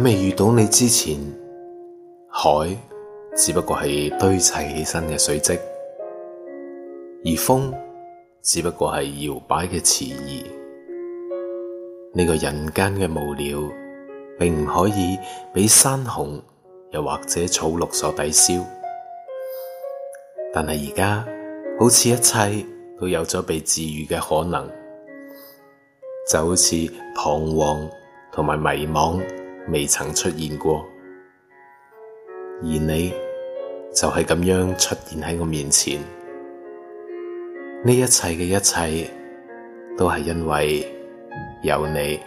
喺未遇到你之前，海只不過係堆砌起身嘅水漬，而風只不過係搖擺嘅詞義。呢個人間嘅無聊，並唔可以俾山紅又或者草綠所抵消。但係而家，好似一切都有咗被治愈嘅可能，就好似彷徨同埋迷惘。未曾出現過，而你就係咁樣出現喺我面前。呢一切嘅一切，都係因為有你。